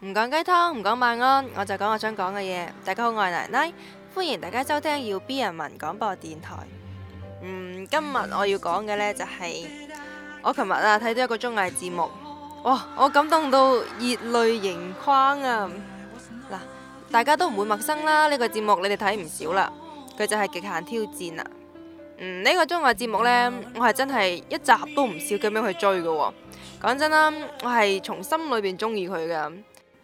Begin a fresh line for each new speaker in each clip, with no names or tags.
唔講雞湯，唔講晚安，我就講我想講嘅嘢。大家好，我係奶奶，歡迎大家收聽要 B 人民廣播電台。嗯，今日我要講嘅呢，就係、是、我琴日啊睇到一個綜藝節目，哇，我感動到熱淚盈眶啊！嗱，大家都唔會陌生啦，呢、這個節目你哋睇唔少啦。佢就係極限挑戰啊！嗯，呢、這個綜藝節目呢，我係真係一集都唔少咁樣去追噶、哦。講真啦，我係從心裏邊中意佢噶。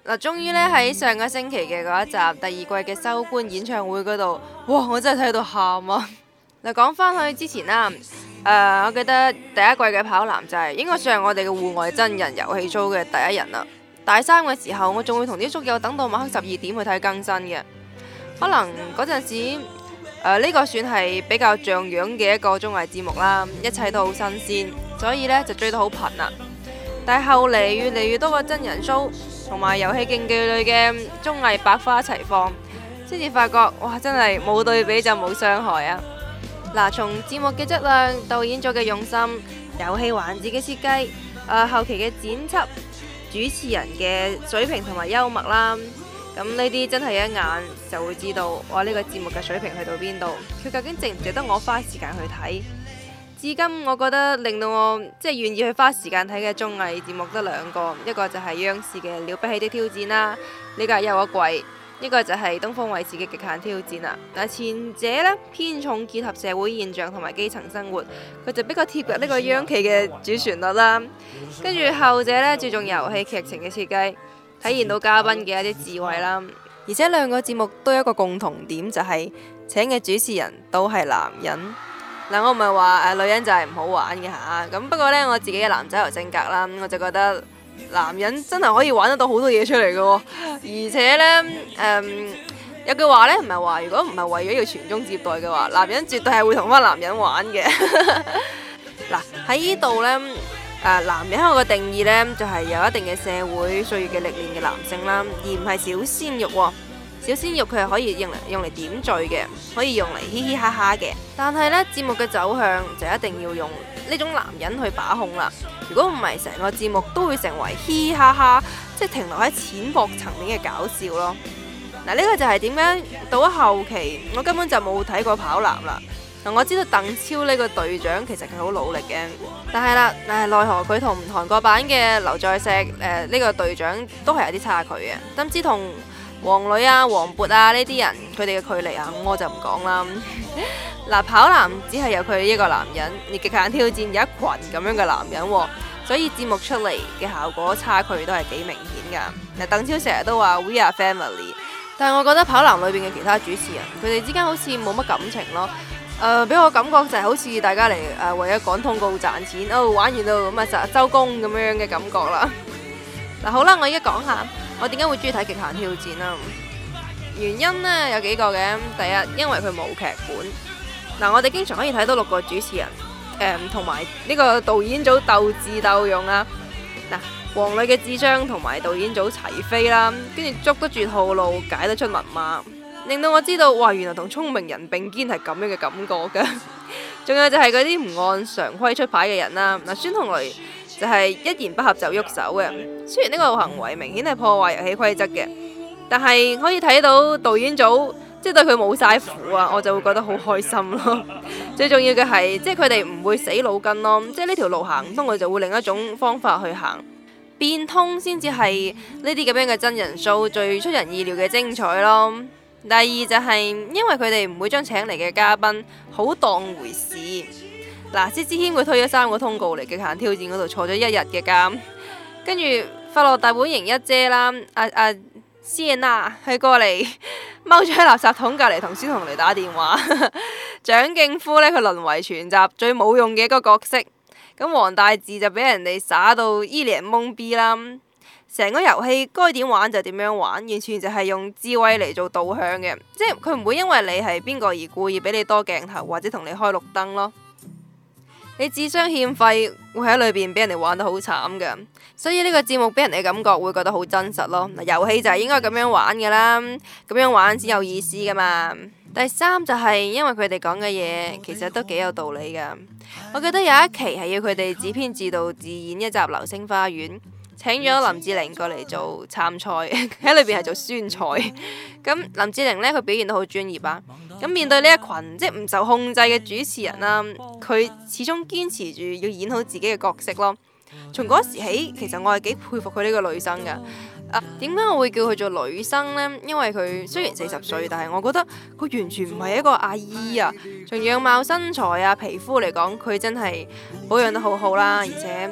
嗱，終於呢，喺上個星期嘅嗰一集第二季嘅收官演唱會嗰度，哇！我真係睇到喊啊！嗱，講翻去之前啦，誒、呃，我記得第一季嘅跑男就係應該算係我哋嘅戶外真人遊戲 show 嘅第一人啦。大三嘅時候，我仲會同啲宿友等到晚黑十二點去睇更新嘅。可能嗰陣時，呢、呃呢個算係比較像樣嘅一個綜藝節目啦，一切都好新鮮，所以呢就追得好頻啦。但係後嚟越嚟越多個真人 show 同埋遊戲競技類嘅綜藝百花齊放，先至發覺哇，真係冇對比就冇傷害啊！嗱，從節目嘅質量、導演組嘅用心、遊戲環節嘅設計、誒、呃、後期嘅剪輯、主持人嘅水平同埋幽默啦，咁呢啲真係一眼就會知道我呢、這個節目嘅水平去到邊度，佢究竟值唔值得我花時間去睇？至今我覺得令到我即係願意去花時間睇嘅綜藝節目得兩個，一個就係央視嘅《了不起的挑戰》啦，呢個又一季；一個就係東方衛視嘅《極限挑戰》啦。嗱，前者咧偏重結合社會現象同埋基層生活，佢就比較貼近呢個央企嘅主旋律啦。跟住後者咧注重遊戲劇情嘅設計，體現到嘉賓嘅一啲智慧啦。而且兩個節目都有一個共同點，就係、是、請嘅主持人都係男人。嗱，我唔係話誒女人就係唔好玩嘅嚇，咁、啊、不過呢，我自己嘅男仔頭性格啦，我就覺得男人真係可以玩得到好多嘢出嚟嘅喎，而且呢，誒、呃、有句話呢，唔係話如果唔係為咗要傳宗接代嘅話，男人絕對係會同返男人玩嘅。嗱，喺呢度呢，誒、呃、男人我嘅定義呢，就係、是、有一定嘅社會歲月嘅歷練嘅男性啦，而唔係小鮮肉啊、哦。小鮮肉佢係可以用嚟用嚟點綴嘅，可以用嚟嘻嘻哈哈嘅。但係呢節目嘅走向就一定要用呢種男人去把控啦。如果唔係，成個節目都會成為嘻嘻哈哈，即係停留喺淺薄層面嘅搞笑咯。嗱，呢個就係點樣到咗後期，我根本就冇睇過跑男啦。嗱，我知道鄧超呢個隊長其實佢好努力嘅，但係啦，唉，奈何佢同韓國版嘅劉在石誒呢個隊長都係有啲差距嘅，甚至同，黃磊啊、黃渤啊呢啲人，佢哋嘅距離啊，我就唔講啦。嗱， 跑男只係有佢一個男人，而極限挑戰有一群咁樣嘅男人，所以節目出嚟嘅效果差距都係幾明顯噶。嗱，鄧超成日都話 We are family，但係我覺得跑男裏邊嘅其他主持人，佢哋之間好似冇乜感情咯。誒、呃，俾我感覺就係好似大家嚟誒、呃、為咗趕通告賺錢，哦，玩完都咁啊，就周公咁樣嘅感覺啦。嗱、 啊，好啦，我而家講下。我點解會中意睇《極限挑戰》啦？原因呢，有幾個嘅。第一，因為佢冇劇本。嗱、啊，我哋經常可以睇到六個主持人，同埋呢個導演組鬥智鬥勇啦。嗱、啊，黃磊嘅智商同埋導演組齊飛啦，跟住捉得住套路，解得出密碼，令到我知道哇，原來同聰明人並肩係咁樣嘅感覺㗎。仲有就係嗰啲唔按常規出牌嘅人啦。嗱、啊，孫紅雷。就係一言不合就喐手嘅，雖然呢個行為明顯係破壞遊戲規則嘅，但係可以睇到導演組即係、就是、對佢冇晒苦啊，我就會覺得好開心咯。 最重要嘅係即係佢哋唔會死腦筋咯，即係呢條路行唔通，我就會另一種方法去行，變通先至係呢啲咁樣嘅真人 s 最出人意料嘅精彩咯。第二就係因為佢哋唔會將請嚟嘅嘉賓好當回事。嗱，薛之謙佢推咗三個通告嚟嘅《極限挑戰》嗰度坐咗一日嘅監，跟住快樂大本營一姐啦，阿阿謝娜啊，佢、啊、過嚟踎住喺垃圾桶隔離同孫紅雷打電話。蔣 勁夫呢，佢淪為全集最冇用嘅一個角色。咁黃大治就俾人哋耍到伊人懵逼啦。成個遊戲該點玩就點樣玩，完全就係用智慧嚟做導向嘅，即係佢唔會因為你係邊個而故意俾你多鏡頭或者同你開綠燈咯。你智商欠費，會喺裏邊俾人哋玩得好慘噶，所以呢個節目俾人哋感覺會覺得好真實咯。嗱，遊戲就係應該咁樣玩噶啦，咁樣玩先有意思噶嘛。第三就係因為佢哋講嘅嘢其實都幾有道理噶，我記得有一期係要佢哋自編自導自演一集《流星花園》。請咗林志玲過嚟做參賽，喺裏邊係做酸菜。咁林志玲呢，佢表現得好專業啊。咁面對呢一群即係唔受控制嘅主持人啦、啊，佢始終堅持住要演好自己嘅角色咯。從嗰時起，其實我係幾佩服佢呢個女生噶。啊，點解我會叫佢做女生呢？因為佢雖然四十歲，但係我覺得佢完全唔係一個阿姨啊。從樣貌、身材啊、皮膚嚟講，佢真係保養得好好、啊、啦，而且。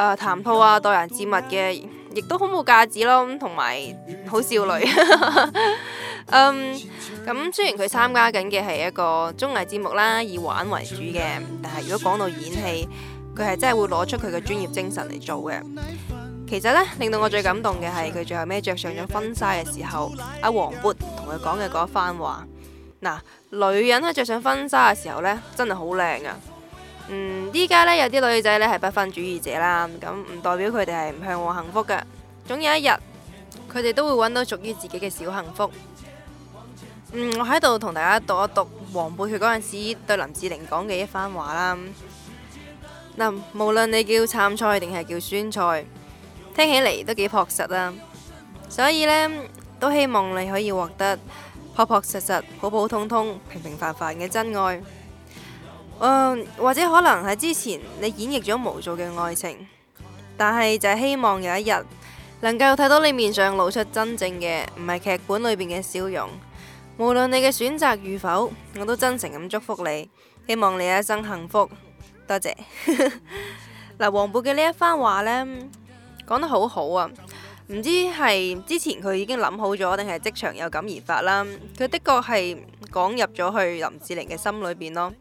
誒、uh, 談吐啊，待人接物嘅，亦都好冇架子咯，同埋好少女。嗯、 um，咁雖然佢參加緊嘅係一個綜藝節目啦，以玩為主嘅，但係如果講到演戲，佢係真係會攞出佢嘅專業精神嚟做嘅。其實呢，令到我最感動嘅係佢最後尾着上咗婚紗嘅時候，阿黃渤同佢講嘅嗰一番話。嗱、呃，女人喺着上婚紗嘅時候呢，真係好靚啊！嗯，依家呢，有啲女仔呢，係不分主義者啦，咁唔代表佢哋係唔向往幸福嘅，總有一日佢哋都會揾到屬於自己嘅小幸福。嗯，我喺度同大家讀一讀黃渤嗰陣時對林志玲講嘅一番話啦。嗱、嗯，無論你叫杉菜定係叫酸菜，聽起嚟都幾樸實啊。所以呢，都希望你可以獲得樸樸實實、普普通通、平平凡凡嘅真愛。嗯，uh, 或者可能喺之前你演繹咗無數嘅愛情，但係就係希望有一日能夠睇到你面上露出真正嘅、唔係劇本裏邊嘅笑容。無論你嘅選擇與否，我都真誠咁祝福你，希望你一生幸福。多謝。嗱，黃渤嘅呢一番話呢，講得好好啊，唔知係之前佢已經諗好咗，定係即場有感而發啦。佢的確係講入咗去林志玲嘅心裏邊咯。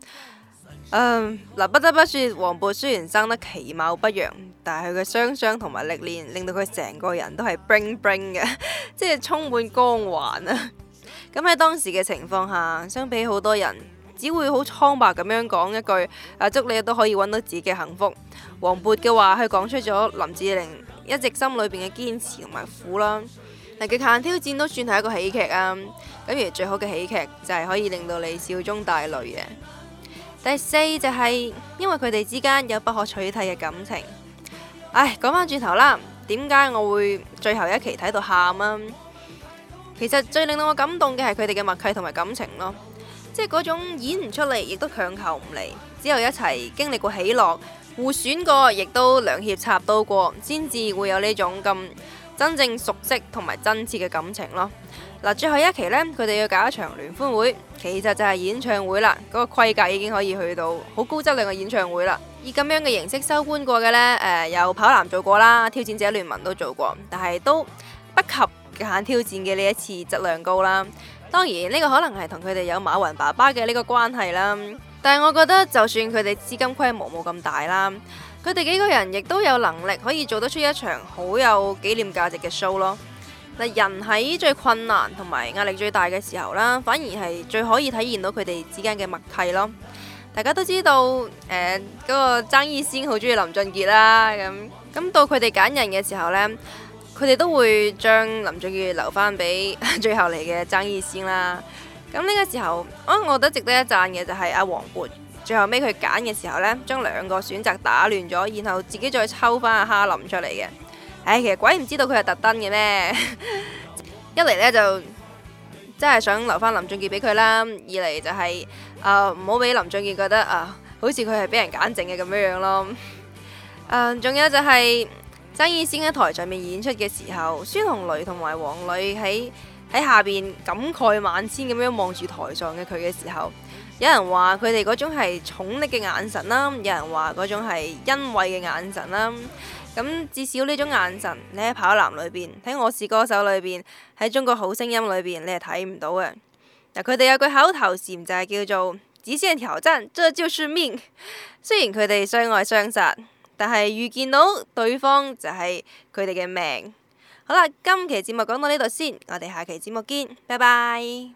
嗯，嗱，um, 不得不說，黃渤雖然生得其貌不揚，但係佢嘅雙商同埋歷練，令到佢成個人都係 bling bling 嘅，即係充滿光環啊！咁 喺當時嘅情況下，相比好多人只會好蒼白咁樣講一句，啊，祝你都可以搵到自己嘅幸福。黃渤嘅話，佢講出咗林志玲一直心裏邊嘅堅持同埋苦啦。嗱，佢極限挑戰都算係一個喜劇啊！咁而最好嘅喜劇就係可以令到你笑中帶淚嘅。第四就係因為佢哋之間有不可取替嘅感情。唉，講翻轉頭啦，點解我會最後一期睇到喊啊？其實最令到我感動嘅係佢哋嘅默契同埋感情咯，即係嗰種演唔出嚟，亦都強求唔嚟，只有一齊經歷過喜樂，互損過，亦都兩肋插刀過，先至會有呢種咁。真正熟悉同埋真切嘅感情咯。嗱，最後一期呢，佢哋要搞一場聯歡會，其實就係演唱會啦。嗰、那個規格已經可以去到好高質量嘅演唱會啦。以咁樣嘅形式收官過嘅呢，誒、呃，有跑男做過啦，挑戰者聯盟都做過，但係都不及極限挑戰嘅呢一次質量高啦。當然呢、這個可能係同佢哋有馬雲爸爸嘅呢個關係啦。但係我覺得，就算佢哋資金規模冇咁大啦。佢哋幾個人亦都有能力可以做得出一場好有紀念價值嘅 show 咯。人喺最困難同埋壓力最大嘅時候啦，反而係最可以體現到佢哋之間嘅默契咯。大家都知道，誒、呃、嗰、那個張藝興好中意林俊傑啦，咁咁到佢哋揀人嘅時候呢，佢哋都會將林俊傑留翻俾最後嚟嘅張藝興啦。咁呢個時候、啊，我覺得值得一讚嘅就係阿黃渤。最後尾，佢揀嘅時候呢，將兩個選擇打亂咗，然後自己再抽翻阿哈林出嚟嘅。唉、哎，其實鬼唔知道佢係特登嘅咩？ 一嚟呢，就真係想留翻林俊傑俾佢啦，二嚟就係啊唔好俾林俊傑覺得啊、呃，好似佢係俾人揀剩嘅咁樣樣咯。仲、呃、有就係、是。曾以先喺台上面演出嘅時候，孫紅雷同埋黃磊喺喺下邊感慨萬千咁樣望住台上嘅佢嘅時候，有人話佢哋嗰種係寵溺嘅眼神啦，有人話嗰種係欣慰嘅眼神啦。咁至少呢種眼神，你喺跑男裏邊、喺我是歌手裏邊、喺中國好聲音裏邊，你係睇唔到嘅。嗱，佢哋有句口頭禪就係、是、叫做「極限挑戰，這就是命」。雖然佢哋相愛相殺。但係遇見到對方就係佢哋嘅命。好啦，今期節目講到呢度先，我哋下期節目見，拜拜。